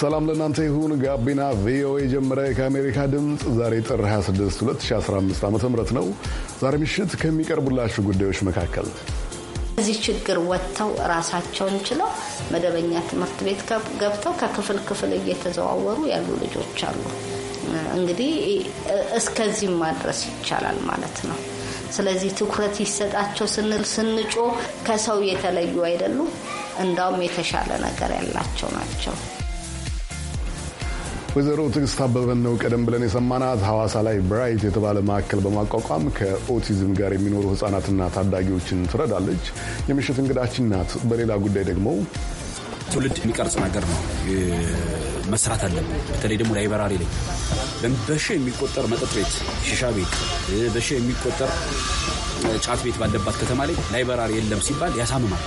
ሰላም ለእናንተ ይሁን። ጋቢና ቪኦኤ ጀመረ። ከአሜሪካ ድምፅ ዛሬ ጥር 26 2015 ዓ ም ነው። ዛሬ ምሽት ከሚቀርቡላችሁ ጉዳዮች መካከል እዚህ ችግር ወጥተው ራሳቸውን ችለው መደበኛ ትምህርት ቤት ገብተው ከክፍል ክፍል እየተዘዋወሩ ያሉ ልጆች አሉ። እንግዲህ እስከዚህም ማድረስ ይቻላል ማለት ነው። ስለዚህ ትኩረት ይሰጣቸው ስንል ስንጮ ከሰው የተለዩ አይደሉም፣ እንዳውም የተሻለ ነገር ያላቸው ናቸው። ወይዘሮ ትዕግስት አበበን ነው ቀደም ብለን የሰማናት። ሐዋሳ ላይ ብራይት የተባለ ማዕከል በማቋቋም ከኦቲዝም ጋር የሚኖሩ ህጻናትና ታዳጊዎችን ትረዳለች። የምሽት እንግዳችን ናት። በሌላ ጉዳይ ደግሞ ትውልድ የሚቀርጽ ነገር ነው መስራት አለብን። በተለይ ደግሞ ላይበራሪ ላይ በሺ የሚቆጠር መጠጥ ቤት፣ ሽሻ ቤት፣ በሺ የሚቆጠር ጫት ቤት ባለባት ከተማ ላይ ላይበራሪ የለም ሲባል ያሳምማል።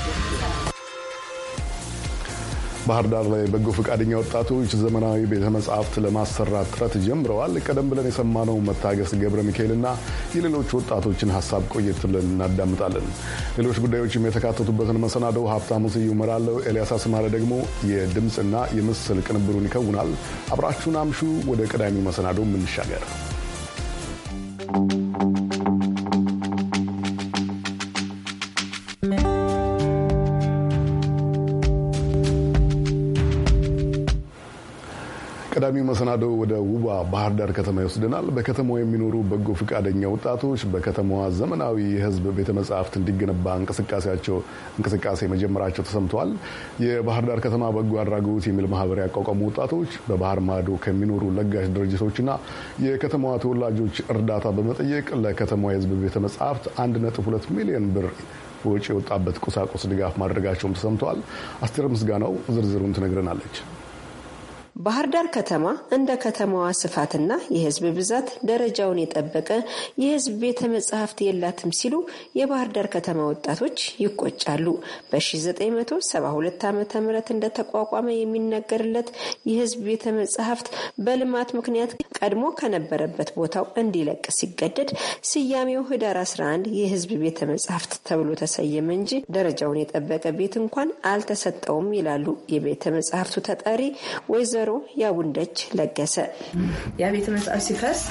ባህር ዳር ላይ በጎ ፈቃደኛ ወጣቶች ዘመናዊ ቤተ ለማሰራት ጥረት ጀምረዋል። ቀደም ብለን የሰማነው መታገስ ገብረ ሚካኤልና የሌሎች ወጣቶችን ሀሳብ ቆየት ብለን እናዳምጣለን። ሌሎች ጉዳዮችም የተካተቱበትን መሰናደው ሀብታሙ ስዩ እመራለሁ። ኤልያስ አስማረ ደግሞ የድምፅና የምስል ቅንብሩን ይከውናል። አብራችሁን አምሹ። ወደ ቀዳሚው መሰናዶ እንሻገር። ቀዳሚው መሰናዶ ወደ ውቧ ባህር ዳር ከተማ ይወስደናል። በከተማው የሚኖሩ በጎ ፈቃደኛ ወጣቶች በከተማዋ ዘመናዊ የሕዝብ ቤተ መጻሕፍት እንዲገነባ እንቅስቃሴያቸው እንቅስቃሴ መጀመራቸው ተሰምተዋል። የባህር ዳር ከተማ በጎ አድራጎት የሚል ማህበር ያቋቋሙ ወጣቶች በባህር ማዶ ከሚኖሩ ለጋሽ ድርጅቶችና የከተማዋ ተወላጆች እርዳታ በመጠየቅ ለከተማዋ የሕዝብ ቤተ መጻሕፍት 1.2 ሚሊዮን ብር ወጪ የወጣበት ቁሳቁስ ድጋፍ ማድረጋቸውም ተሰምተዋል። አስቴር ምስጋናው ዝርዝሩን ትነግረናለች። ባህር ዳር ከተማ እንደ ከተማዋ ስፋትና የህዝብ ብዛት ደረጃውን የጠበቀ የህዝብ ቤተ መጻሕፍት የላትም ሲሉ የባህር ዳር ከተማ ወጣቶች ይቆጫሉ። በ1972 ዓ ም እንደተቋቋመ የሚነገርለት የህዝብ ቤተ መጽሐፍት በልማት ምክንያት ቀድሞ ከነበረበት ቦታው እንዲለቅ ሲገደድ ስያሜው ህዳር 11 የህዝብ ቤተ መጽሐፍት ተብሎ ተሰየመ እንጂ ደረጃውን የጠበቀ ቤት እንኳን አልተሰጠውም ይላሉ የቤተ መጽሐፍቱ ተጠሪ ወይዘሮ ከበሮ ያቡንደች ለገሰ ያ ቤተ መጽሐፍ ሲፈርስ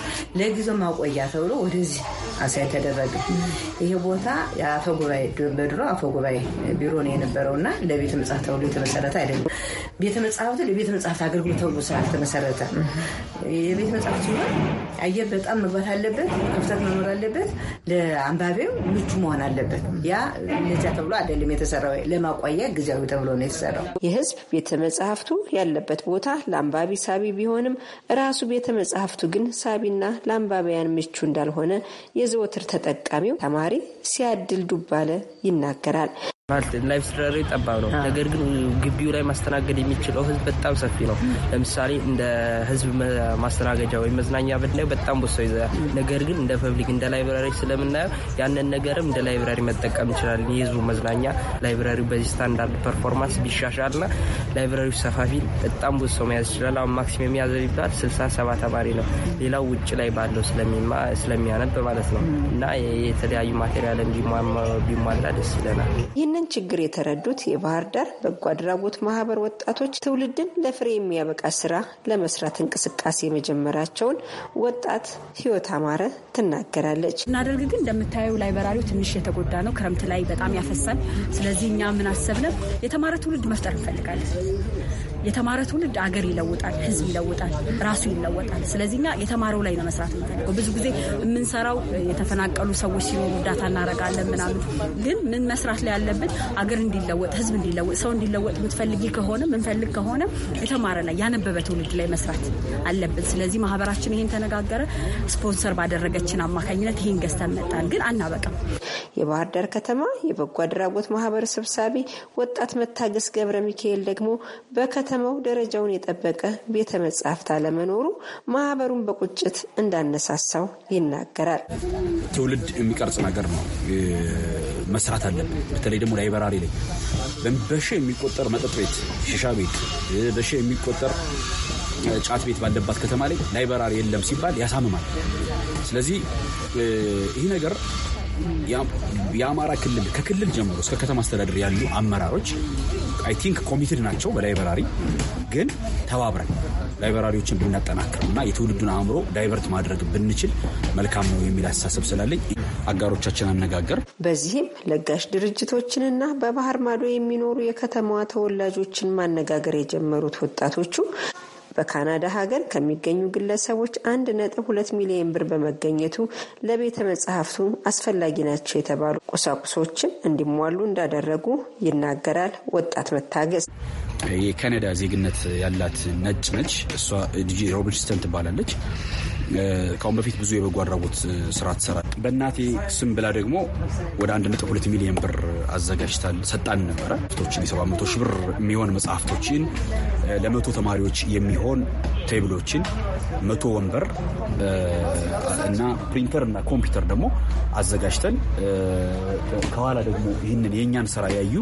ለጊዜው ማቆያ ተብሎ ወደዚህ አሳይ ተደረገ። ይሄ ቦታ የአፈጉባኤ በድሮ አፈጉባኤ ቢሮ ነው የነበረው እና ለቤተ መጽሐፍ ተብሎ የተመሰረተ አይደለም። ቤተ መጽሐፍቱ ለቤተ መጽሐፍት አገልግሎት ተብሎ ስላልተመሰረተ የቤተ መጽሐፍት ሲሆን አየር በጣም መግባት አለበት፣ ክፍተት መኖር አለበት፣ ለአንባቢው ምቹ መሆን አለበት። ያ ለዚያ ተብሎ አይደለም የተሰራው፣ ለማቆያ ጊዜያዊ ተብሎ ነው የተሰራው። የህዝብ ቤተ መጽሐፍቱ ያለበት ቦታ ለአንባቢ ሳቢ ቢሆንም ራሱ ቤተ መጽሐፍቱ ግን ሳቢና ለአንባቢያን ምቹ እንዳልሆነ የዘወትር ተጠቃሚው ተማሪ ሲያድል ዱባለ ይናገራል። ማለት ላይፍ ስረሪ ጠባብ ነው። ነገር ግን ግቢው ላይ ማስተናገድ የሚችለው ህዝብ በጣም ሰፊ ነው። ለምሳሌ እንደ ህዝብ ማስተናገጃ ወይም መዝናኛ ብናየው በጣም ብዙ ሰው ነገር ግን እንደ ፐብሊክ እንደ ላይብራሪ ስለምናየው ያንን ነገርም እንደ ላይብራሪ መጠቀም ይችላል። የህዝቡ መዝናኛ ላይብራሪው በዚህ ስታንዳርድ ፐርፎርማንስ ና ላይብራሪው ሰፋፊ በጣም ብዙ ሰው መያዝ ይችላል። አሁን ማክሲም የሚያዘ ቢባል ስልሳ ሰባ ተማሪ ነው። ሌላው ውጭ ላይ ባለው ስለሚያነብ ማለት ነው እና የተለያዩ ማቴሪያል ቢሟላ ደስ ይለናል። ይህንን ችግር የተረዱት የባህር ዳር በጎ አድራጎት ማህበር ወጣቶች ትውልድን ለፍሬ የሚያበቃ ስራ ለመስራት እንቅስቃሴ መጀመራቸውን ወጣት ህይወት አማረ ትናገራለች። እናደርግ ግን እንደምታየው ላይ በራሪው ትንሽ የተጎዳ ነው። ክረምት ላይ በጣም ያፈሳል። ስለዚህ እኛ ምን አሰብነው የተማረ ትውልድ መፍጠር እንፈልጋለን። የተማረ ትውልድ አገር ይለውጣል፣ ህዝብ ይለውጣል፣ ራሱ ይለወጣል። ስለዚህ የተማረው ላይ ነው መስራት የምንፈልገው። ብዙ ጊዜ የምንሰራው የተፈናቀሉ ሰዎች ሲኖሩ እርዳታ እናደርጋለን ምናምን፣ ግን ምን መስራት ላይ ያለብን አገር እንዲለወጥ፣ ህዝብ እንዲለወጥ፣ ሰው እንዲለወጥ የምትፈልጊ ከሆነ ምንፈልግ ከሆነ የተማረ ላይ ያነበበ ትውልድ ላይ መስራት አለብን። ስለዚህ ማህበራችን ይህን ተነጋገረ። ስፖንሰር ባደረገችን አማካኝነት ይህን ገዝተን መጣን፣ ግን አናበቀም። የባህር ዳር ከተማ የበጎ አድራጎት ማህበር ሰብሳቢ ወጣት መታገስ ገብረ ሚካኤል ደግሞ በከተ በከተማው ደረጃውን የጠበቀ ቤተ መጻሕፍት አለመኖሩ ማህበሩን በቁጭት እንዳነሳሳው ይናገራል። ትውልድ የሚቀርጽ ነገር ነው መስራት አለብን። በተለይ ደግሞ ላይበራሪ ላይ በሺ የሚቆጠር መጠጥ ቤት፣ ሽሻ ቤት፣ በሺ የሚቆጠር ጫት ቤት ባለባት ከተማ ላይ ላይበራሪ የለም ሲባል ያሳምማል። ስለዚህ ይህ ነገር የአማራ ክልል ከክልል ጀምሮ እስከ ከተማ አስተዳደር ያሉ አመራሮች አይ ቲንክ ኮሚትድ ናቸው። በላይበራሪ ግን ተባብረን ላይበራሪዎችን ብናጠናክር እና የትውልዱን አእምሮ ዳይቨርት ማድረግ ብንችል መልካም ነው የሚል አስተሳሰብ ስላለኝ አጋሮቻችን አነጋገር። በዚህም ለጋሽ ድርጅቶችንና በባህር ማዶ የሚኖሩ የከተማዋ ተወላጆችን ማነጋገር የጀመሩት ወጣቶቹ በካናዳ ሀገር ከሚገኙ ግለሰቦች አንድ ነጥብ ሁለት ሚሊዮን ብር በመገኘቱ ለቤተ መጽሐፍቱ አስፈላጊ ናቸው የተባሉ ቁሳቁሶችን እንዲሟሉ እንዳደረጉ ይናገራል። ወጣት መታገስ የካናዳ ዜግነት ያላት ነጭ ነች። እሷ ሮብርትስተን ትባላለች። ከአሁን በፊት ብዙ የበጎ አድራጎት ስራ ትሰራል። በእናቴ ስም ብላ ደግሞ ወደ 1.2 ሚሊዮን ብር አዘጋጅታል ሰጣን ነበረ ቶችን የ መቶ ሺህ ብር የሚሆን መጽሐፍቶችን ለመቶ ተማሪዎች የሚሆን ቴብሎችን፣ መቶ ወንበር እና ፕሪንተር እና ኮምፒውተር ደግሞ አዘጋጅተን ከኋላ ደግሞ ይህንን የእኛን ስራ ያዩ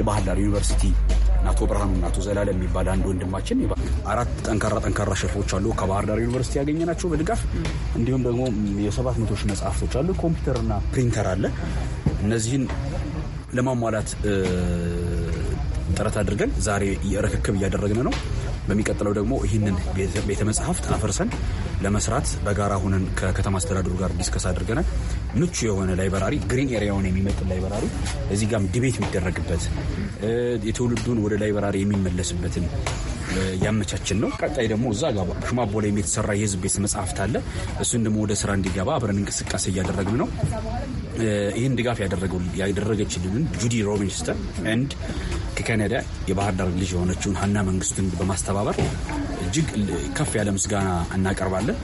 የባህር ዳር ዩኒቨርሲቲ አቶ ብርሃኑ አቶ ዘላለ የሚባል አንድ ወንድማችን አራት ጠንካራ ጠንካራ ሸፎች አሉ ከባህር ዳር ዩኒቨርሲቲ ናቸው በድጋፍ እንዲሁም ደግሞ የሰባት መቶ ሺህ መጽሐፍቶች አሉ። ኮምፒውተርና ፕሪንተር አለ። እነዚህን ለማሟላት ጥረት አድርገን ዛሬ ርክክብ እያደረግን ነው። በሚቀጥለው ደግሞ ይህንን ቤተ መጽሐፍት አፈርሰን ለመስራት በጋራ ሁነን ከከተማ አስተዳደሩ ጋር ዲስከስ አድርገናል። ምቹ የሆነ ላይበራሪ ግሪን ኤሪያውን የሚመጥን ላይበራሪ እዚህ ጋም ዲቤት የሚደረግበት የትውልዱን ወደ ላይበራሪ የሚመለስበትን ያመቻችን ነው። ቀጣይ ደግሞ እዛ ጋ ሽማቦ ላይ የተሰራ የህዝብ ቤተ መጽሐፍት አለ። እሱን ደግሞ ወደ ስራ እንዲገባ አብረን እንቅስቃሴ እያደረግን ነው። ይህን ድጋፍ ያደረገችልንን ጁዲ ሮቢንስተን ኤንድ ከካናዳ የባህር ዳር ልጅ የሆነችውን ሀና መንግስቱን በማስተባበር እጅግ ከፍ ያለ ምስጋና እናቀርባለን።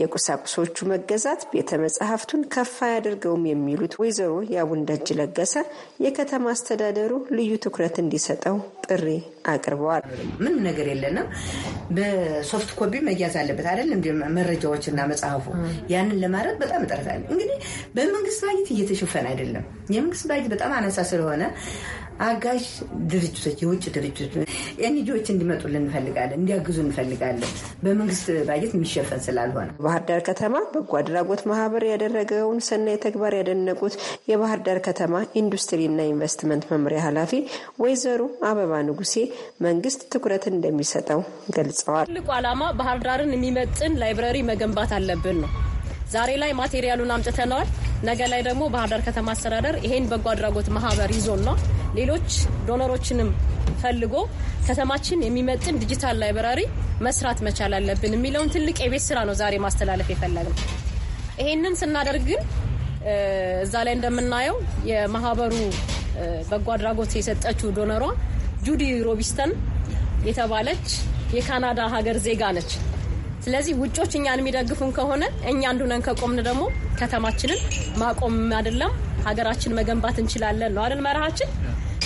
የቁሳቁሶቹ መገዛት ቤተ መጽሐፍቱን ከፍ አያደርገውም የሚሉት ወይዘሮ የአቡን ለገሰ የከተማ አስተዳደሩ ልዩ ትኩረት እንዲሰጠው ጥሪ አቅርበዋል። ምን ነገር የለንም። በሶፍት ኮፒ መያዝ አለበት አይደል? መረጃዎች መረጃዎችና መጽሐፉ ያንን ለማድረግ በጣም እጥረት አለ። እንግዲህ በመንግስት ባጀት እየተሸፈነ አይደለም። የመንግስት ባጀት በጣም አነሳ ስለሆነ አጋዥ ድርጅቶች፣ የውጭ ድርጅቶች ኤንጂኦዎች እንዲመጡልን እንፈልጋለን፣ እንዲያግዙ እንፈልጋለን። በመንግስት ባጀት የሚሸፈን ስላልሆነ ባህር ዳር ከተማ በጎ አድራጎት ማህበር ያደረገውን ሰናይ ተግባር ያደነቁት የባህር ዳር ከተማ ኢንዱስትሪና ኢንቨስትመንት መምሪያ ኃላፊ ወይዘሮ አበባ ንጉሴ መንግስት ትኩረት እንደሚሰጠው ገልጸዋል። ትልቁ ዓላማ ባህር ዳርን የሚመጥን ላይብረሪ መገንባት አለብን ነው ዛሬ ላይ ማቴሪያሉን አምጥተነዋል። ነገ ላይ ደግሞ ባህር ዳር ከተማ አስተዳደር ይሄን በጎ አድራጎት ማህበር ይዞና ሌሎች ዶነሮችንም ፈልጎ ከተማችን የሚመጥን ዲጂታል ላይብራሪ መስራት መቻል አለብን የሚለውን ትልቅ የቤት ስራ ነው ዛሬ ማስተላለፍ የፈለግነው። ይሄንን ስናደርግ ግን እዛ ላይ እንደምናየው የማህበሩ በጎ አድራጎት የሰጠችው ዶነሯ ጁዲ ሮቢስተን የተባለች የካናዳ ሀገር ዜጋ ነች። ስለዚህ ውጮች እኛን የሚደግፉን ከሆነ እኛ ነን ከቆምን ደግሞ ከተማችንን ማቆም አይደለም ሀገራችን መገንባት እንችላለን ነው አይደል መርሃችን።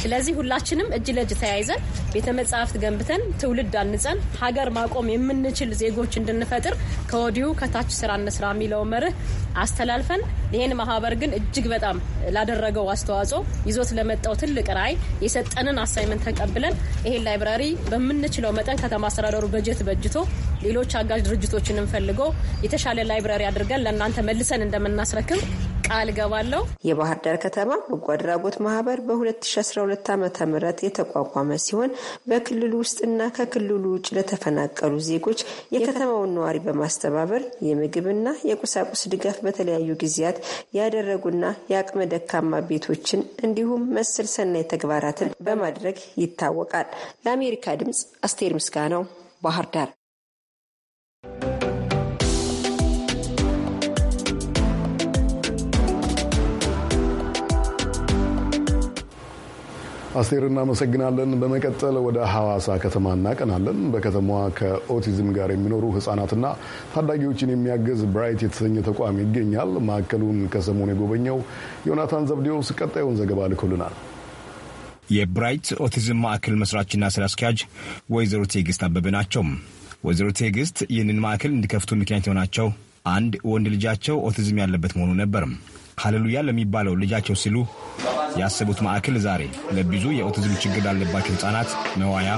ስለዚህ ሁላችንም እጅ ለእጅ ተያይዘን ቤተ መጽሐፍት ገንብተን ትውልድ አንጸን ሀገር ማቆም የምንችል ዜጎች እንድንፈጥር ከወዲሁ ከታች ስራ እንስራ የሚለው መርህ አስተላልፈን ይህን ማህበር ግን እጅግ በጣም ላደረገው አስተዋጽኦ ይዞት ለመጣው ትልቅ ራዕይ የሰጠንን አሳይመንት ተቀብለን ይሄን ላይብራሪ በምንችለው መጠን ከተማ አስተዳደሩ በጀት በጅቶ ሌሎች አጋዥ ድርጅቶችንም ፈልጎ የተሻለ ላይብራሪ አድርገን ለእናንተ መልሰን እንደምናስረክም ቃል ገባለው። የባህር ዳር ከተማ በጎ አድራጎት ማህበር በ2012 ዓ ም የተቋቋመ ሲሆን በክልሉ ውስጥና ከክልሉ ውጭ ለተፈናቀሉ ዜጎች የከተማውን ነዋሪ በማስተባበር የምግብና የቁሳቁስ ድጋፍ በተለያዩ ጊዜያት ያደረጉና የአቅመ ደካማ ቤቶችን እንዲሁም መሰል ሰናይ ተግባራትን በማድረግ ይታወቃል። ለአሜሪካ ድምጽ አስቴር ምስጋናው ባህር ዳር። አስቴር እናመሰግናለን። በመቀጠል ወደ ሐዋሳ ከተማ እናቀናለን። በከተማዋ ከኦቲዝም ጋር የሚኖሩ ህጻናትና ታዳጊዎችን የሚያግዝ ብራይት የተሰኘ ተቋም ይገኛል። ማዕከሉን ከሰሞኑ የጎበኘው ዮናታን ዘብዴዎስ ቀጣዩን ዘገባ ልኮልናል። የብራይት ኦቲዝም ማዕከል መስራችና ስራ አስኪያጅ ወይዘሮ ቴግስት አበበ ናቸው። ወይዘሮ ቴግስት ይህንን ማዕከል እንዲከፍቱ ምክንያት የሆናቸው አንድ ወንድ ልጃቸው ኦቲዝም ያለበት መሆኑ ነበር። ሀሌሉያ ለሚባለው ልጃቸው ሲሉ ያሰቡት ማዕከል ዛሬ ለብዙ የኦቲዝም ችግር ላለባቸው ህጻናት መዋያ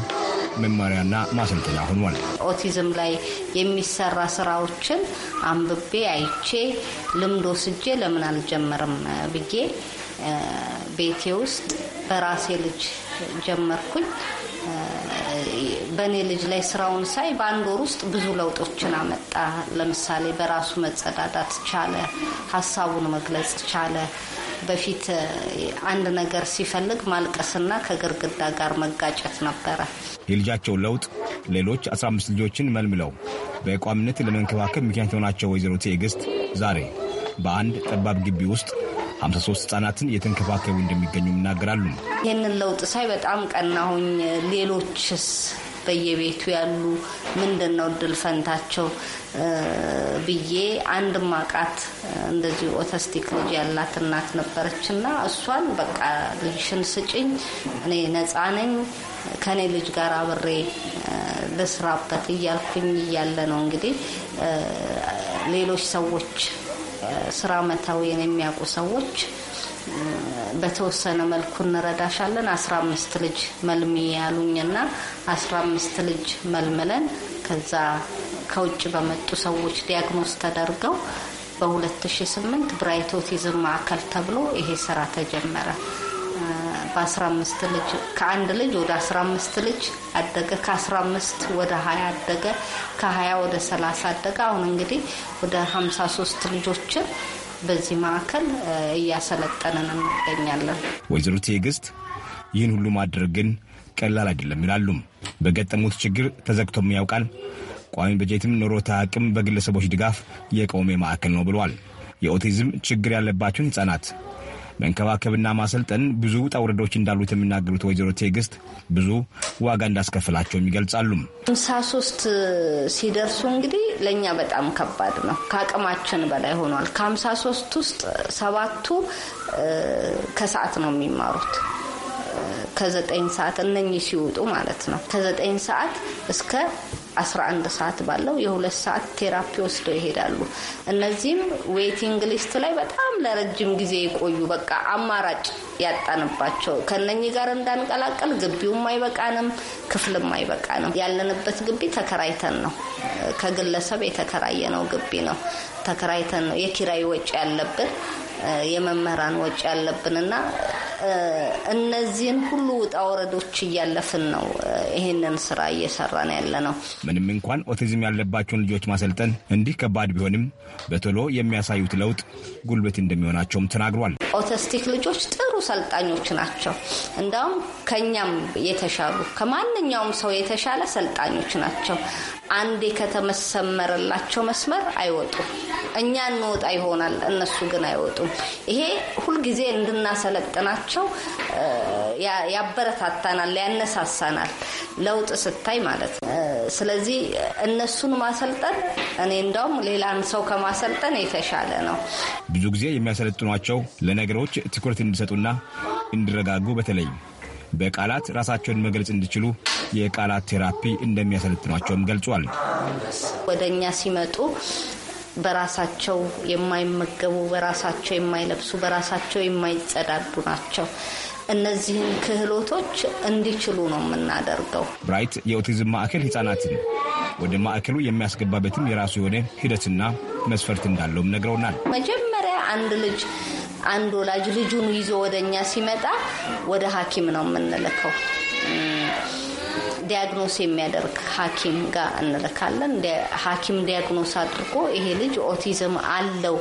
መመሪያና ማሰልጠኛ ሆኗል። ኦቲዝም ላይ የሚሰራ ስራዎችን አንብቤ አይቼ ልምዶ ስጄ ለምን አልጀመርም ብዬ ቤቴ ውስጥ በራሴ ልጅ ጀመርኩኝ። በእኔ ልጅ ላይ ስራውን ሳይ በአንድ ወር ውስጥ ብዙ ለውጦችን አመጣ። ለምሳሌ በራሱ መጸዳዳት ቻለ፣ ሀሳቡን መግለጽ ቻለ። በፊት አንድ ነገር ሲፈልግ ማልቀስና ከግርግዳ ጋር መጋጨት ነበረ። የልጃቸው ለውጥ ሌሎች 15 ልጆችን መልምለው በቋሚነት ለመንከባከብ ምክንያት የሆናቸው ወይዘሮ ትዕግስት ዛሬ በአንድ ጠባብ ግቢ ውስጥ 53 ህጻናትን እየተንከባከቡ እንደሚገኙ ይናገራሉ። ይህንን ለውጥ ሳይ በጣም ቀናሁኝ። ሌሎችስ በየቤቱ ያሉ ምንድን ነው እድል ፈንታቸው ብዬ አንድ ማቃት እንደዚሁ ኦተስቲክ ልጅ ያላት እናት ነበረች እና እሷን በቃ ልጅሽን ስጭኝ፣ እኔ ነፃ ነኝ፣ ከእኔ ልጅ ጋር አብሬ ልስራበት እያልኩኝ እያለ ነው እንግዲህ ሌሎች ሰዎች ስራ መተው የሚያውቁ ሰዎች በተወሰነ መልኩ እንረዳሻለን አስራ አምስት ልጅ መልሚ ያሉኝና አስራ አምስት ልጅ መልምለን ከዛ ከውጭ በመጡ ሰዎች ዲያግኖስ ተደርገው በ2008 ብራይት ኦቲዝም ማዕከል ተብሎ ይሄ ስራ ተጀመረ። በ15 ልጅ ከአንድ ልጅ ወደ 15 ልጅ አደገ። ከ15 ወደ 20 አደገ። ከ20 ወደ 30 አደገ። አሁን እንግዲህ ወደ 53 ልጆችን በዚህ ማዕከል እያሰለጠንን እንገኛለን። ወይዘሮ ትዕግስት ይህን ሁሉ ማድረግ ግን ቀላል አይደለም ይላሉም። በገጠሙት ችግር ተዘግቶም ያውቃል። ቋሚ በጀትም ኖሮ ታቅም በግለሰቦች ድጋፍ የቆመ ማዕከል ነው ብለዋል። የኦቲዝም ችግር ያለባቸውን ህጻናት መንከባከብና ማሰልጠን ብዙ ውጣ ውረዶች እንዳሉት የሚናገሩት ወይዘሮ ቴግስት ብዙ ዋጋ እንዳስከፍላቸውም ይገልጻሉ። ሃምሳ ሶስት ሲደርሱ እንግዲህ ለእኛ በጣም ከባድ ነው። ከአቅማችን በላይ ሆኗል። ከሃምሳ ሶስት ውስጥ ሰባቱ ከሰዓት ነው የሚማሩት ከዘጠኝ ሰዓት እነኚህ ሲወጡ ማለት ነው። ከዘጠኝ ሰዓት እስከ 11 ሰዓት ባለው የሁለት ሰዓት ቴራፒ ወስደው ይሄዳሉ። እነዚህም ዌይቲንግ ሊስት ላይ በጣም ለረጅም ጊዜ የቆዩ በቃ አማራጭ ያጣንባቸው ከነኚህ ጋር እንዳንቀላቀል ግቢውም አይበቃንም፣ ክፍልም አይበቃንም። ያለንበት ግቢ ተከራይተን ነው። ከግለሰብ የተከራየ ነው ግቢ ነው። ተከራይተን ነው የኪራይ ወጪ ያለብን የመምህራን ወጪ ያለብንና እነዚህን ሁሉ ውጣ ወረዶች እያለፍን ነው ይህንን ስራ እየሰራን ያለ ነው። ምንም እንኳን ኦቲዝም ያለባቸውን ልጆች ማሰልጠን እንዲህ ከባድ ቢሆንም በቶሎ የሚያሳዩት ለውጥ ጉልበት እንደሚሆናቸውም ተናግሯል። ኦቲስቲክ ልጆች ጥሩ ሰልጣኞች ናቸው። እንዳውም ከኛም የተሻሉ ከማንኛውም ሰው የተሻለ ሰልጣኞች ናቸው። አንዴ ከተመሰመረላቸው መስመር አይወጡም። እኛ እንወጣ ይሆናል፣ እነሱ ግን አይወጡም። ይሄ ሁልጊዜ እንድናሰለጥናቸው መሆናቸው ያበረታታናል፣ ያነሳሳናል ለውጥ ስታይ ማለት ነው። ስለዚህ እነሱን ማሰልጠን እኔ እንደውም ሌላን ሰው ከማሰልጠን የተሻለ ነው። ብዙ ጊዜ የሚያሰለጥኗቸው ለነገሮች ትኩረት እንዲሰጡና እንዲረጋጉ በተለይም በቃላት ራሳቸውን መግለጽ እንዲችሉ የቃላት ቴራፒ እንደሚያሰለጥኗቸውም ገልጿል። ወደ እኛ ሲመጡ በራሳቸው የማይመገቡ፣ በራሳቸው የማይለብሱ፣ በራሳቸው የማይጸዳዱ ናቸው። እነዚህን ክህሎቶች እንዲችሉ ነው የምናደርገው። ብራይት የኦቲዝም ማዕከል ህጻናትን ወደ ማዕከሉ የሚያስገባበትም የራሱ የሆነ ሂደትና መስፈርት እንዳለውም ነግረውናል። መጀመሪያ አንድ ልጅ አንድ ወላጅ ልጁን ይዞ ወደ እኛ ሲመጣ ወደ ሐኪም ነው የምንልከው። ዲያግኖስ የሚያደርግ ሐኪም ጋር እንልካለን። ሐኪም ዲያግኖስ አድርጎ ይሄ ልጅ ኦቲዝም አለው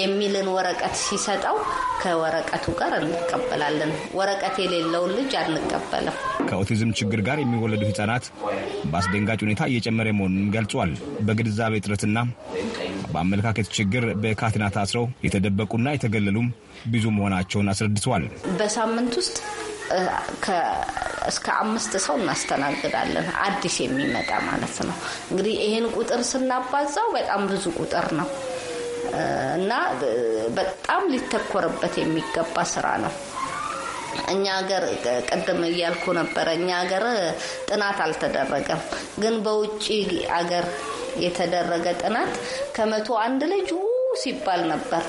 የሚልን ወረቀት ሲሰጠው ከወረቀቱ ጋር እንቀበላለን። ወረቀት የሌለውን ልጅ አንቀበልም። ከኦቲዝም ችግር ጋር የሚወለዱ ህጻናት በአስደንጋጭ ሁኔታ እየጨመረ መሆኑን ገልጿል። በግንዛቤ እጥረትና በአመለካከት ችግር በካቴና ታስረው የተደበቁና የተገለሉም ብዙ መሆናቸውን አስረድተዋል። በሳምንት ውስጥ እስከ አምስት ሰው እናስተናግዳለን። አዲስ የሚመጣ ማለት ነው። እንግዲህ ይህን ቁጥር ስናባዛው በጣም ብዙ ቁጥር ነው እና በጣም ሊተኮርበት የሚገባ ስራ ነው። እኛ ሀገር ቅድም እያልኩ ነበረ፣ እኛ ሀገር ጥናት አልተደረገም፣ ግን በውጭ አገር የተደረገ ጥናት ከመቶ አንድ ልጅ ሲባል ነበር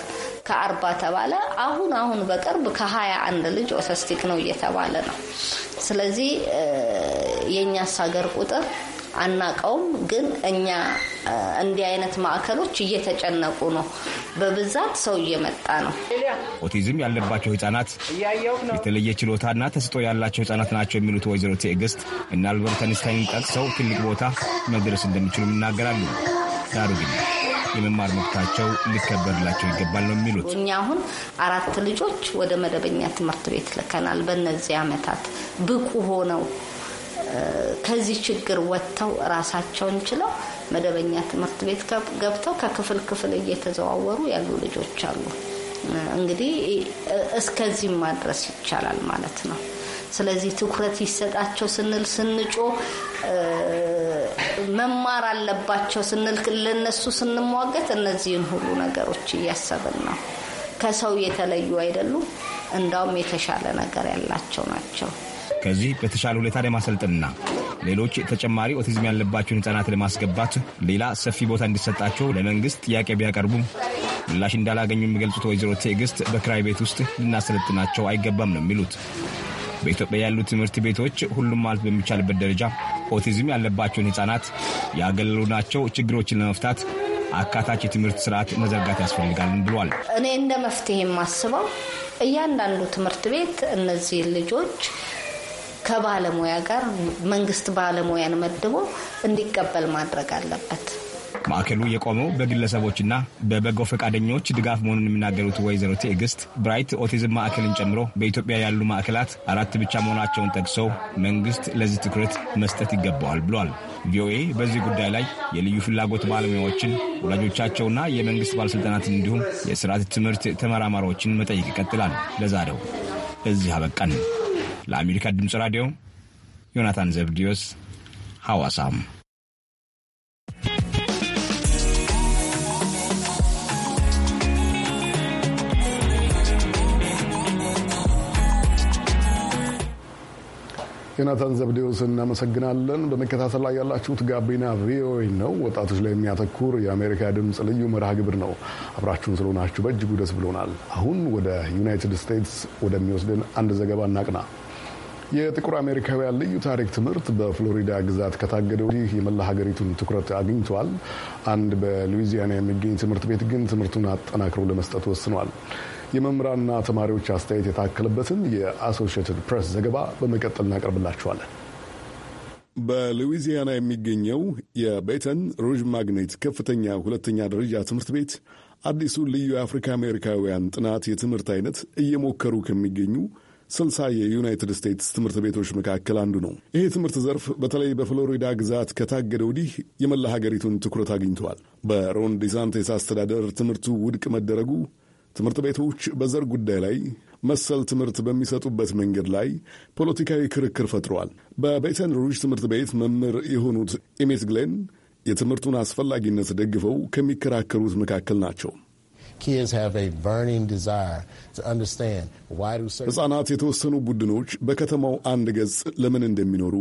ከአርባ ተባለ። አሁን አሁን በቅርብ ከሀያ አንድ ልጅ ኦተስቲክ ነው እየተባለ ነው። ስለዚህ የእኛስ ሀገር ቁጥር አናቀውም። ግን እኛ እንዲህ አይነት ማዕከሎች እየተጨነቁ ነው። በብዛት ሰው እየመጣ ነው። ኦቲዝም ያለባቸው ህጻናት የተለየ ችሎታና ተስጦ ያላቸው ህጻናት ናቸው የሚሉት ወይዘሮ ትዕግስት እና አልበርት አንስታይንን ጠቅሰው ትልቅ ቦታ መድረስ እንደሚችሉ ይናገራሉ። ዳሩ ግን የመማር መብታቸው ሊከበርላቸው ይገባል ነው የሚሉት። እኛ አሁን አራት ልጆች ወደ መደበኛ ትምህርት ቤት ልከናል። በነዚህ ዓመታት ብቁ ሆነው ከዚህ ችግር ወጥተው ራሳቸውን ችለው መደበኛ ትምህርት ቤት ገብተው ከክፍል ክፍል እየተዘዋወሩ ያሉ ልጆች አሉ። እንግዲህ እስከዚህም ማድረስ ይቻላል ማለት ነው። ስለዚህ ትኩረት ይሰጣቸው ስንል ስንጮ መማር አለባቸው ስንል ለነሱ ስንሟገት እነዚህን ሁሉ ነገሮች እያሰብን ነው። ከሰው የተለዩ አይደሉም። እንዳውም የተሻለ ነገር ያላቸው ናቸው። ከዚህ በተሻለ ሁኔታ ለማሰልጥንና ሌሎች ተጨማሪ ኦቲዝም ያለባቸውን ህጻናት ለማስገባት ሌላ ሰፊ ቦታ እንዲሰጣቸው ለመንግስት ጥያቄ ቢያቀርቡ ምላሽ እንዳላገኙ የሚገልጹት ወይዘሮ ትዕግስት በክራይ ቤት ውስጥ ልናሰለጥናቸው አይገባም ነው የሚሉት። በኢትዮጵያ ያሉ ትምህርት ቤቶች ሁሉም ማለት በሚቻልበት ደረጃ ኦቲዝም ያለባቸውን ህጻናት ያገለሉናቸው ችግሮችን ለመፍታት አካታች የትምህርት ስርዓት መዘርጋት ያስፈልጋል ብሏል። እኔ እንደ መፍትሄ የማስበው እያንዳንዱ ትምህርት ቤት እነዚህ ልጆች ከባለሙያ ጋር መንግስት ባለሙያን መድቦ እንዲቀበል ማድረግ አለበት። ማዕከሉ የቆመው በግለሰቦችና በበጎ ፈቃደኞች ድጋፍ መሆኑን የሚናገሩት ወይዘሮ ትዕግስት ብራይት ኦቲዝም ማዕከልን ጨምሮ በኢትዮጵያ ያሉ ማዕከላት አራት ብቻ መሆናቸውን ጠቅሰው መንግስት ለዚህ ትኩረት መስጠት ይገባዋል ብሏል። ቪኦኤ በዚህ ጉዳይ ላይ የልዩ ፍላጎት ባለሙያዎችን፣ ወላጆቻቸውና የመንግስት ባለሥልጣናትን እንዲሁም የስርዓት ትምህርት ተመራማሪዎችን መጠየቅ ይቀጥላል። ለዛሬው እዚህ አበቃን። ለአሜሪካ ድምፅ ራዲዮ ዮናታን ዘብዲዮስ ሐዋሳም ዮናታን ዘብዴዎስ እናመሰግናለን። በመከታተል ላይ ያላችሁት ጋቢና ቪኦኤ ነው። ወጣቶች ላይ የሚያተኩር የአሜሪካ ድምፅ ልዩ መርሃ ግብር ነው። አብራችሁን ስለሆናችሁ በእጅጉ ደስ ብሎናል። አሁን ወደ ዩናይትድ ስቴትስ ወደሚወስድን አንድ ዘገባ እናቅና። የጥቁር አሜሪካውያን ልዩ ታሪክ ትምህርት በፍሎሪዳ ግዛት ከታገደ ወዲህ የመላ ሀገሪቱን ትኩረት አግኝቷል። አንድ በሉዊዚያና የሚገኝ ትምህርት ቤት ግን ትምህርቱን አጠናክሮ ለመስጠት ወስኗል። የመምህራንና ተማሪዎች አስተያየት የታከለበትን የአሶሽትድ ፕሬስ ዘገባ በመቀጠል እናቀርብላችኋለን። በሉዊዚያና የሚገኘው የቤተን ሩዥ ማግኔት ከፍተኛ ሁለተኛ ደረጃ ትምህርት ቤት አዲሱ ልዩ የአፍሪካ አሜሪካውያን ጥናት የትምህርት አይነት እየሞከሩ ከሚገኙ ስልሳ የዩናይትድ ስቴትስ ትምህርት ቤቶች መካከል አንዱ ነው። ይህ ትምህርት ዘርፍ በተለይ በፍሎሪዳ ግዛት ከታገደ ወዲህ የመላ ሀገሪቱን ትኩረት አግኝተዋል። በሮን ዲሳንቴስ አስተዳደር ትምህርቱ ውድቅ መደረጉ ትምህርት ቤቶች በዘር ጉዳይ ላይ መሰል ትምህርት በሚሰጡበት መንገድ ላይ ፖለቲካዊ ክርክር ፈጥረዋል። በቤተን ሩጅ ትምህርት ቤት መምህር የሆኑት ኢሜት ግሌን የትምህርቱን አስፈላጊነት ደግፈው ከሚከራከሩት መካከል ናቸው። ሕፃናት የተወሰኑ ቡድኖች በከተማው አንድ ገጽ ለምን እንደሚኖሩ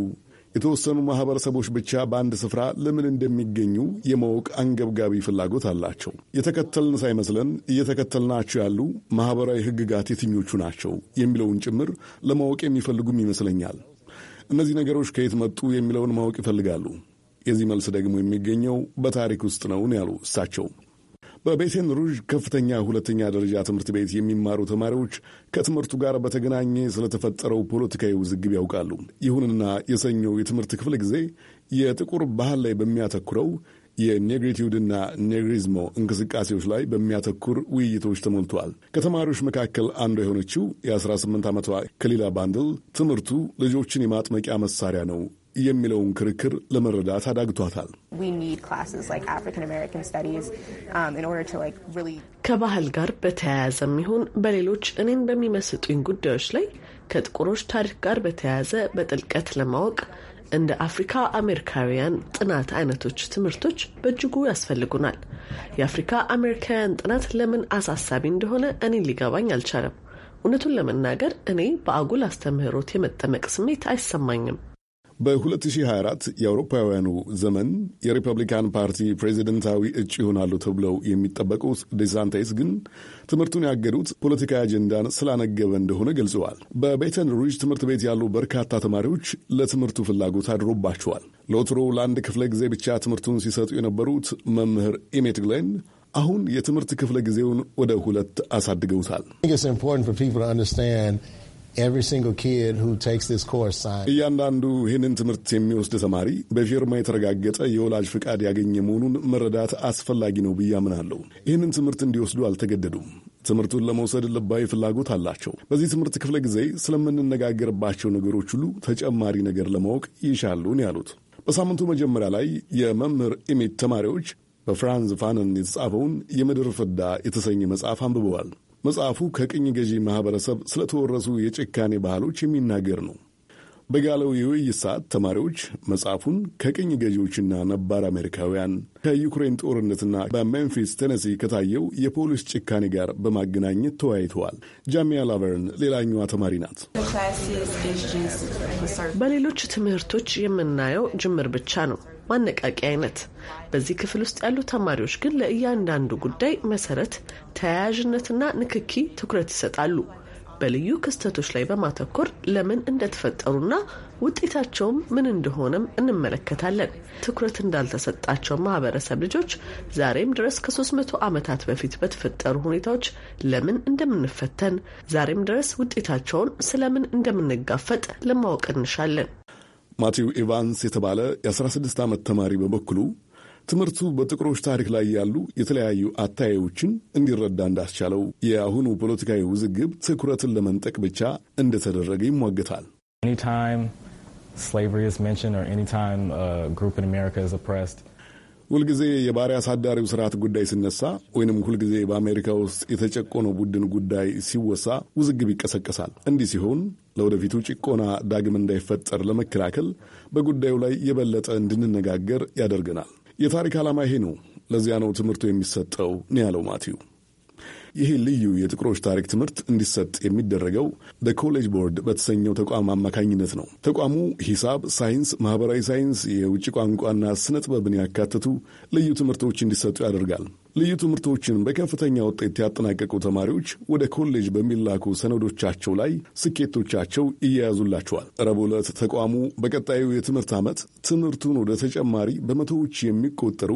የተወሰኑ ማህበረሰቦች ብቻ በአንድ ስፍራ ለምን እንደሚገኙ የማወቅ አንገብጋቢ ፍላጎት አላቸው። የተከተልን ሳይመስለን እየተከተልናቸው ያሉ ማህበራዊ ህግጋት የትኞቹ ናቸው የሚለውን ጭምር ለማወቅ የሚፈልጉም ይመስለኛል። እነዚህ ነገሮች ከየት መጡ የሚለውን ማወቅ ይፈልጋሉ። የዚህ መልስ ደግሞ የሚገኘው በታሪክ ውስጥ ነውን ያሉ እሳቸው በቤቴን ሩዥ ከፍተኛ ሁለተኛ ደረጃ ትምህርት ቤት የሚማሩ ተማሪዎች ከትምህርቱ ጋር በተገናኘ ስለተፈጠረው ፖለቲካዊ ውዝግብ ያውቃሉ። ይሁንና የሰኞው የትምህርት ክፍለ ጊዜ የጥቁር ባህል ላይ በሚያተኩረው የኔግሪቲዩድና ኔግሪዝሞ እንቅስቃሴዎች ላይ በሚያተኩር ውይይቶች ተሞልተዋል። ከተማሪዎች መካከል አንዷ የሆነችው የ18 ዓመቷ ከሌላ ባንድል ትምህርቱ ልጆችን የማጥመቂያ መሳሪያ ነው የሚለውን ክርክር ለመረዳት አዳግቷታል። um, ከባህል ጋር በተያያዘ የሚሆን በሌሎች እኔን በሚመስጡኝ ጉዳዮች ላይ ከጥቁሮች ታሪክ ጋር በተያያዘ በጥልቀት ለማወቅ እንደ አፍሪካ አሜሪካውያን ጥናት አይነቶች ትምህርቶች በእጅጉ ያስፈልጉናል። የአፍሪካ አሜሪካውያን ጥናት ለምን አሳሳቢ እንደሆነ እኔን ሊገባኝ አልቻለም። እውነቱን ለመናገር እኔ በአጉል አስተምህሮት የመጠመቅ ስሜት አይሰማኝም። በ2024 የአውሮፓውያኑ ዘመን የሪፐብሊካን ፓርቲ ፕሬዚደንታዊ እጩ ይሆናሉ ተብለው የሚጠበቁት ዴሳንቴስ ግን ትምህርቱን ያገዱት ፖለቲካዊ አጀንዳን ስላነገበ እንደሆነ ገልጸዋል። በቤተን ሩጅ ትምህርት ቤት ያሉ በርካታ ተማሪዎች ለትምህርቱ ፍላጎት አድሮባቸዋል። ለወትሮ ለአንድ ክፍለ ጊዜ ብቻ ትምህርቱን ሲሰጡ የነበሩት መምህር ኢሜት ግሌን አሁን የትምህርት ክፍለ ጊዜውን ወደ ሁለት አሳድገውታል። እያንዳንዱ ይህንን ትምህርት የሚወስድ ተማሪ በፊርማ የተረጋገጠ የወላጅ ፍቃድ ያገኘ መሆኑን መረዳት አስፈላጊ ነው ብዬ አምናለሁ። ይህንን ትምህርት እንዲወስዱ አልተገደዱም። ትምህርቱን ለመውሰድ ልባዊ ፍላጎት አላቸው። በዚህ ትምህርት ክፍለ ጊዜ ስለምንነጋገርባቸው ነገሮች ሁሉ ተጨማሪ ነገር ለማወቅ ይሻሉን ያሉት በሳምንቱ መጀመሪያ ላይ የመምህር ኢሜት ተማሪዎች በፍራንዝ ፋነን የተጻፈውን የምድር ፍዳ የተሰኘ መጽሐፍ አንብበዋል። መጽሐፉ ከቅኝ ገዢ ማህበረሰብ ስለተወረሱ የጭካኔ ባህሎች የሚናገር ነው። በጋለው የውይይት ሰዓት ተማሪዎች መጽሐፉን ከቅኝ ገዢዎችና ነባር አሜሪካውያን ከዩክሬን ጦርነትና በሜምፊስ ቴነሲ ከታየው የፖሊስ ጭካኔ ጋር በማገናኘት ተወያይተዋል። ጃሚያ ላቨርን ሌላኛዋ ተማሪ ናት። በሌሎች ትምህርቶች የምናየው ጅምር ብቻ ነው፣ ማነቃቂያ አይነት። በዚህ ክፍል ውስጥ ያሉ ተማሪዎች ግን ለእያንዳንዱ ጉዳይ መሰረት ተያያዥነትና ንክኪ ትኩረት ይሰጣሉ። በልዩ ክስተቶች ላይ በማተኮር ለምን እንደተፈጠሩና ውጤታቸውም ምን እንደሆነም እንመለከታለን። ትኩረት እንዳልተሰጣቸው ማህበረሰብ ልጆች ዛሬም ድረስ ከ መቶ ዓመታት በፊት በተፈጠሩ ሁኔታዎች ለምን እንደምንፈተን፣ ዛሬም ድረስ ውጤታቸውን ስለምን እንደምንጋፈጥ ለማወቅ እንሻለን። ማቲው ኢቫንስ የተባለ የ16 ዓመት ተማሪ በበኩሉ ትምህርቱ በጥቁሮች ታሪክ ላይ ያሉ የተለያዩ አታያዮችን እንዲረዳ እንዳስቻለው የአሁኑ ፖለቲካዊ ውዝግብ ትኩረትን ለመንጠቅ ብቻ እንደተደረገ ይሟገታል። ሁልጊዜ የባሪያ አሳዳሪው ስርዓት ጉዳይ ሲነሳ ወይንም ሁልጊዜ በአሜሪካ ውስጥ የተጨቆነው ቡድን ጉዳይ ሲወሳ ውዝግብ ይቀሰቀሳል። እንዲህ ሲሆን ለወደፊቱ ጭቆና ዳግም እንዳይፈጠር ለመከላከል በጉዳዩ ላይ የበለጠ እንድንነጋገር ያደርገናል። የታሪክ ዓላማ ይሄ ነው። ለዚያ ነው ትምህርቱ የሚሰጠው ነው ያለው ማቲው። ይሄ ልዩ የጥቁሮች ታሪክ ትምህርት እንዲሰጥ የሚደረገው በኮሌጅ ቦርድ በተሰኘው ተቋም አማካኝነት ነው። ተቋሙ ሂሳብ፣ ሳይንስ፣ ማህበራዊ ሳይንስ፣ የውጭ ቋንቋና ስነ ጥበብን ያካተቱ ልዩ ትምህርቶች እንዲሰጡ ያደርጋል። ልዩ ትምህርቶችን በከፍተኛ ውጤት ያጠናቀቁ ተማሪዎች ወደ ኮሌጅ በሚላኩ ሰነዶቻቸው ላይ ስኬቶቻቸው ይያያዙላቸዋል። ረቡዕ ዕለት ተቋሙ በቀጣዩ የትምህርት ዓመት ትምህርቱን ወደ ተጨማሪ በመቶዎች የሚቆጠሩ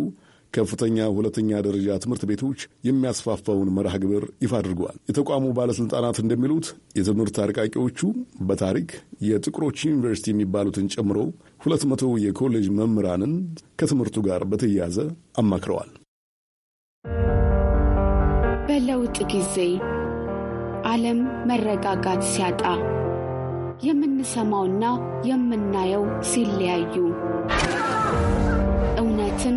ከፍተኛ ሁለተኛ ደረጃ ትምህርት ቤቶች የሚያስፋፋውን መርሃ ግብር ይፋ አድርገዋል። የተቋሙ ባለስልጣናት እንደሚሉት የትምህርት አርቃቂዎቹ በታሪክ የጥቁሮች ዩኒቨርሲቲ የሚባሉትን ጨምሮ ሁለት መቶ የኮሌጅ መምህራንን ከትምህርቱ ጋር በተያያዘ አማክረዋል። በለውጥ ጊዜ ዓለም መረጋጋት ሲያጣ የምንሰማውና የምናየው ሲለያዩ እውነትን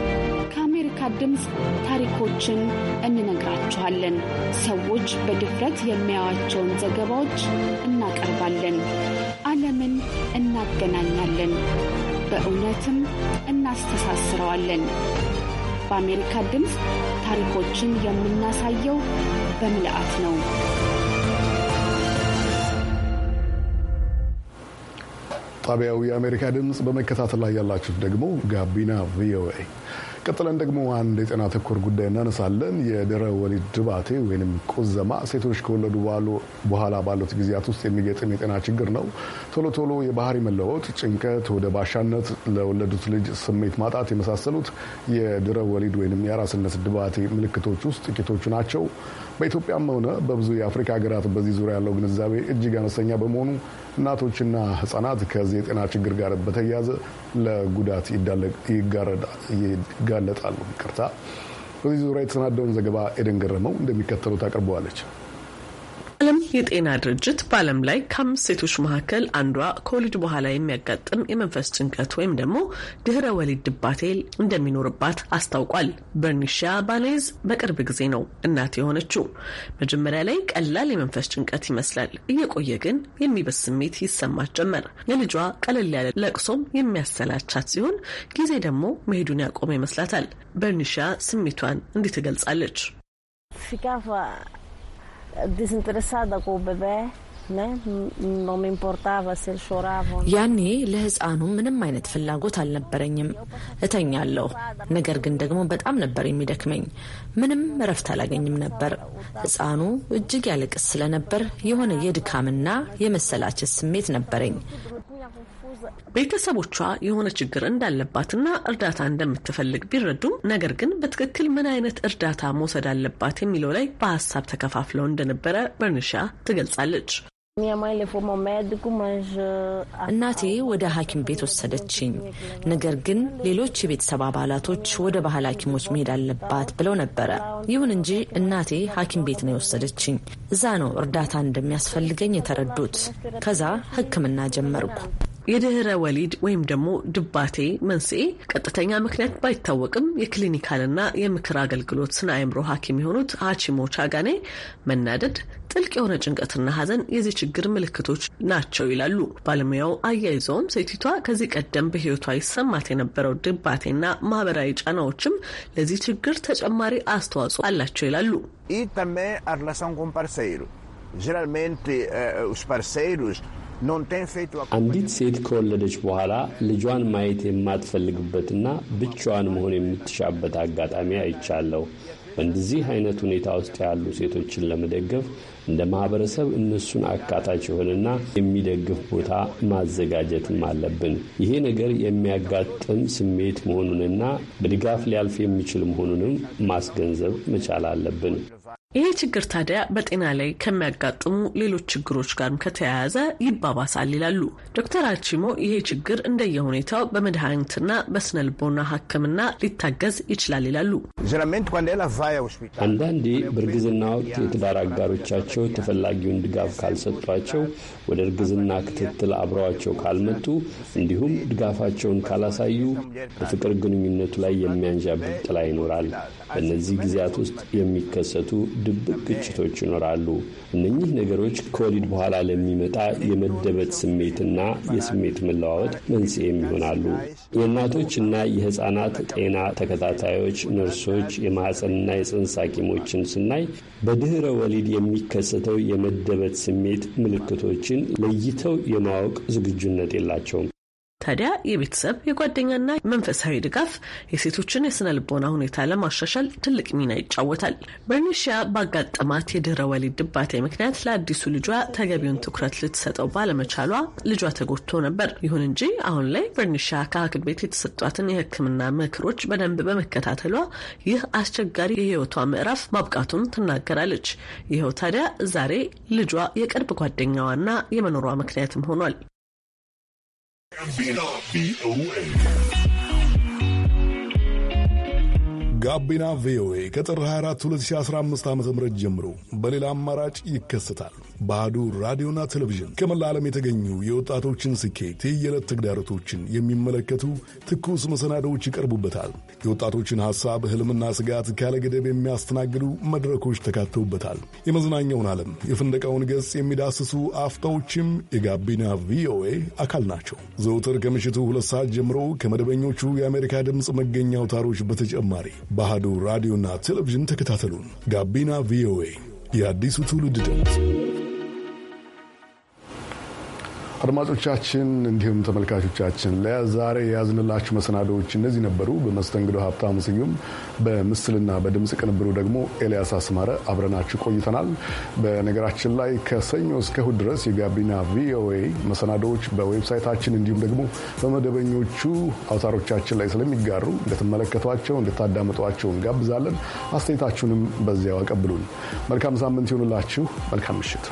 የአሜሪካ ድምፅ ታሪኮችን እንነግራችኋለን። ሰዎች በድፍረት የሚያዩዋቸውን ዘገባዎች እናቀርባለን። ዓለምን እናገናኛለን፣ በእውነትም እናስተሳስረዋለን። በአሜሪካ ድምፅ ታሪኮችን የምናሳየው በምልአት ነው። ጣቢያው የአሜሪካ ድምፅ በመከታተል ላይ ያላችሁት ደግሞ ጋቢና ቪኦኤ ቀጥለን ደግሞ አንድ የጤና ተኮር ጉዳይ እናነሳለን። የድረ ወሊድ ድባቴ ወይም ቁዘማ ሴቶች ከወለዱ በኋላ ባሉት ጊዜያት ውስጥ የሚገጥም የጤና ችግር ነው። ቶሎ ቶሎ የባህሪ መለወጥ፣ ጭንቀት፣ ወደ ባሻነት፣ ለወለዱት ልጅ ስሜት ማጣት የመሳሰሉት የድረ ወሊድ ወይም የአራስነት ድባቴ ምልክቶች ውስጥ ጥቂቶቹ ናቸው። በኢትዮጵያም ሆነ በብዙ የአፍሪካ ሀገራት በዚህ ዙሪያ ያለው ግንዛቤ እጅግ አነስተኛ በመሆኑ እናቶችና ህጻናት ከዚህ የጤና ችግር ጋር በተያያዘ ለጉዳት ይጋለጣሉ። ይቅርታ። በዚህ ዙሪያ የተሰናደውን ዘገባ ኤደን ገረመው እንደሚከተሉት አቅርበዋለች። የዓለም የጤና ድርጅት በዓለም ላይ ከአምስት ሴቶች መካከል አንዷ ከወሊድ በኋላ የሚያጋጥም የመንፈስ ጭንቀት ወይም ደግሞ ድህረ ወሊድ ድባቴ እንደሚኖርባት አስታውቋል። በርኒሻ ባሌዝ በቅርብ ጊዜ ነው እናት የሆነችው። መጀመሪያ ላይ ቀላል የመንፈስ ጭንቀት ይመስላል። እየቆየ ግን የሚበስ ስሜት ይሰማት ጀመር። የልጇ ቀለል ያለ ለቅሶም የሚያሰላቻት ሲሆን ጊዜ ደግሞ መሄዱን ያቆመ ይመስላታል። በርኒሻ ስሜቷን እንዲህ ትገልጻለች። ያኔ ለህፃኑ ምንም አይነት ፍላጎት አልነበረኝም። እተኛለሁ። ነገር ግን ደግሞ በጣም ነበር የሚደክመኝ። ምንም እረፍት አላገኝም ነበር። ህፃኑ እጅግ ያለቅስ ስለነበር የሆነ የድካምና የመሰላቸት ስሜት ነበረኝ። ቤተሰቦቿ የሆነ ችግር እንዳለባትና እርዳታ እንደምትፈልግ ቢረዱም ነገር ግን በትክክል ምን አይነት እርዳታ መውሰድ አለባት የሚለው ላይ በሀሳብ ተከፋፍለው እንደነበረ በርንሻ ትገልጻለች። Eh, እናቴ ወደ ሐኪም ቤት ወሰደችኝ። ነገር ግን ሌሎች የቤተሰብ አባላቶች ወደ ባህል ሐኪሞች መሄድ አለባት ብለው ነበረ። ይሁን እንጂ እናቴ ሐኪም ቤት ነው የወሰደችኝ። እዛ ነው እርዳታ እንደሚያስፈልገኝ የተረዱት። ከዛ ሕክምና ጀመርኩ። የድህረ ወሊድ ወይም ደግሞ ድባቴ መንስኤ ቀጥተኛ ምክንያት ባይታወቅም የክሊኒካልና የምክር አገልግሎት ስነ አእምሮ ሐኪም የሆኑት ሀቺሞ ቻጋኔ መናደድ፣ ጥልቅ የሆነ ጭንቀትና ሀዘን የዚህ ችግር ምልክቶች ናቸው ይላሉ። ባለሙያው አያይዘውም ሴቲቷ ከዚህ ቀደም በህይወቷ ይሰማት የነበረው ድባቴና ማህበራዊ ጫናዎችም ለዚህ ችግር ተጨማሪ አስተዋጽኦ አላቸው ይላሉ። አንዲት ሴት ከወለደች በኋላ ልጇን ማየት የማትፈልግበትና ብቻዋን መሆን የምትሻበት አጋጣሚ አይቻለሁ። በእንደዚህ አይነት ሁኔታ ውስጥ ያሉ ሴቶችን ለመደገፍ እንደ ማህበረሰብ እነሱን አካታች የሆነና የሚደግፍ ቦታ ማዘጋጀትም አለብን። ይሄ ነገር የሚያጋጥም ስሜት መሆኑንና በድጋፍ ሊያልፍ የሚችል መሆኑንም ማስገንዘብ መቻል አለብን። ይሄ ችግር ታዲያ በጤና ላይ ከሚያጋጥሙ ሌሎች ችግሮች ጋርም ከተያያዘ ይባባሳል ይላሉ ዶክተር አቺሞ። ይሄ ችግር እንደየሁኔታው በመድኃኒትና በስነ ልቦና ሕክምና ሊታገዝ ይችላል ይላሉ። አንዳንዴ በእርግዝና ወቅት የትዳር አጋሮቻቸው ልጆቻቸው ተፈላጊውን ድጋፍ ካልሰጧቸው፣ ወደ እርግዝና ክትትል አብረዋቸው ካልመጡ፣ እንዲሁም ድጋፋቸውን ካላሳዩ በፍቅር ግንኙነቱ ላይ የሚያንዣብብ ጥላ ይኖራል። በእነዚህ ጊዜያት ውስጥ የሚከሰቱ ድብቅ ግጭቶች ይኖራሉ። እነኚህ ነገሮች ከወሊድ በኋላ ለሚመጣ የመደበት ስሜትና የስሜት መለዋወጥ መንስኤም ይሆናሉ። የእናቶችና የሕፃናት ጤና ተከታታዮች፣ ነርሶች፣ የማዕፀንና የጽንስ ሐኪሞችን ስናይ በድህረ ወሊድ የሚከ የሚከሰተው የመደበት ስሜት ምልክቶችን ለይተው የማወቅ ዝግጁነት የላቸውም። ታዲያ የቤተሰብ የጓደኛና መንፈሳዊ ድጋፍ የሴቶችን የስነ ልቦና ሁኔታ ለማሻሻል ትልቅ ሚና ይጫወታል። በርኒሺያ ባጋጠማት የድህረ ወሊድ ድባቴ ምክንያት ለአዲሱ ልጇ ተገቢውን ትኩረት ልትሰጠው ባለመቻሏ ልጇ ተጎድቶ ነበር። ይሁን እንጂ አሁን ላይ በኒሻ ከሐኪም ቤት የተሰጧትን የሕክምና ምክሮች በደንብ በመከታተሏ ይህ አስቸጋሪ የህይወቷ ምዕራፍ ማብቃቱን ትናገራለች። ይኸው ታዲያ ዛሬ ልጇ የቅርብ ጓደኛዋና የመኖሯ ምክንያትም ሆኗል። Gambino away. ጋቢና ቪኦኤ ከጥር 24 2015 ዓ ም ጀምሮ በሌላ አማራጭ ይከሰታል። ባህዱ ራዲዮና ቴሌቪዥን ከመላ ዓለም የተገኙ የወጣቶችን ስኬት፣ የየዕለት ተግዳሮቶችን የሚመለከቱ ትኩስ መሰናዶዎች ይቀርቡበታል። የወጣቶችን ሐሳብ፣ ሕልምና ስጋት ካለ ገደብ የሚያስተናግዱ መድረኮች ተካተውበታል። የመዝናኛውን ዓለም፣ የፍንደቃውን ገጽ የሚዳስሱ አፍታዎችም የጋቢና ቪኦኤ አካል ናቸው። ዘውትር ከምሽቱ ሁለት ሰዓት ጀምሮ ከመደበኞቹ የአሜሪካ ድምፅ መገኛ አውታሮች በተጨማሪ በአሃዱ ራዲዮና ቴሌቪዥን ተከታተሉን። ጋቢና ቪኦኤ የአዲሱ ትውልድ ድምፅ አድማጮቻችን እንዲሁም ተመልካቾቻችን ለዛሬ የያዝንላችሁ መሰናዶዎች እነዚህ ነበሩ። በመስተንግዶ ሀብታሙ ስዩም፣ በምስልና በድምፅ ቅንብሩ ደግሞ ኤልያስ አስማረ አብረናችሁ ቆይተናል። በነገራችን ላይ ከሰኞ እስከ እሁድ ድረስ የጋቢና ቪኦኤ መሰናዶዎች በዌብሳይታችን እንዲሁም ደግሞ በመደበኞቹ አውታሮቻችን ላይ ስለሚጋሩ እንድትመለከቷቸው እንድታዳምጧቸው እንጋብዛለን። አስተያየታችሁንም በዚያው አቀብሉን። መልካም ሳምንት ይሁንላችሁ። መልካም ምሽት።